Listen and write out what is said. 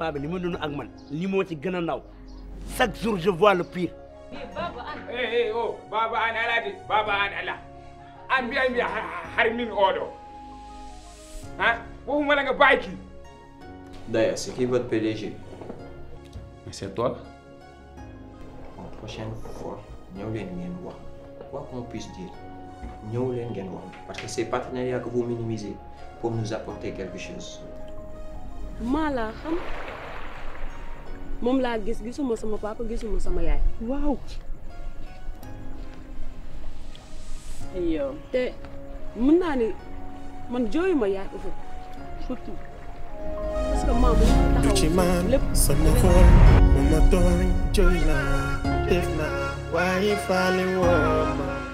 paa bi li ak man li moo ci gën naw chaque jour je vois le pire. mais Baba an. eh eh oh Baba an ala de Baba an ala an bi an bi har min oh, oɗo ah hein? wofu malanga baaki. D'ailleurs, c'est qui votre PDG C'est toi. la prochaine fois, nous allons Quoi qu'on puisse dire, nous allons Parce que ces partenariats que vous minimisez pour nous apporter quelque chose. Malaham. moom laa gis gisuma sama papa gisuma sama yaay. waaw. yow te mën naa ni man jooyuma yaay ëffëg surtout parce que maam la taxaw lépp sama xol mu ma tooñ jooy naa def naa waaye faale woo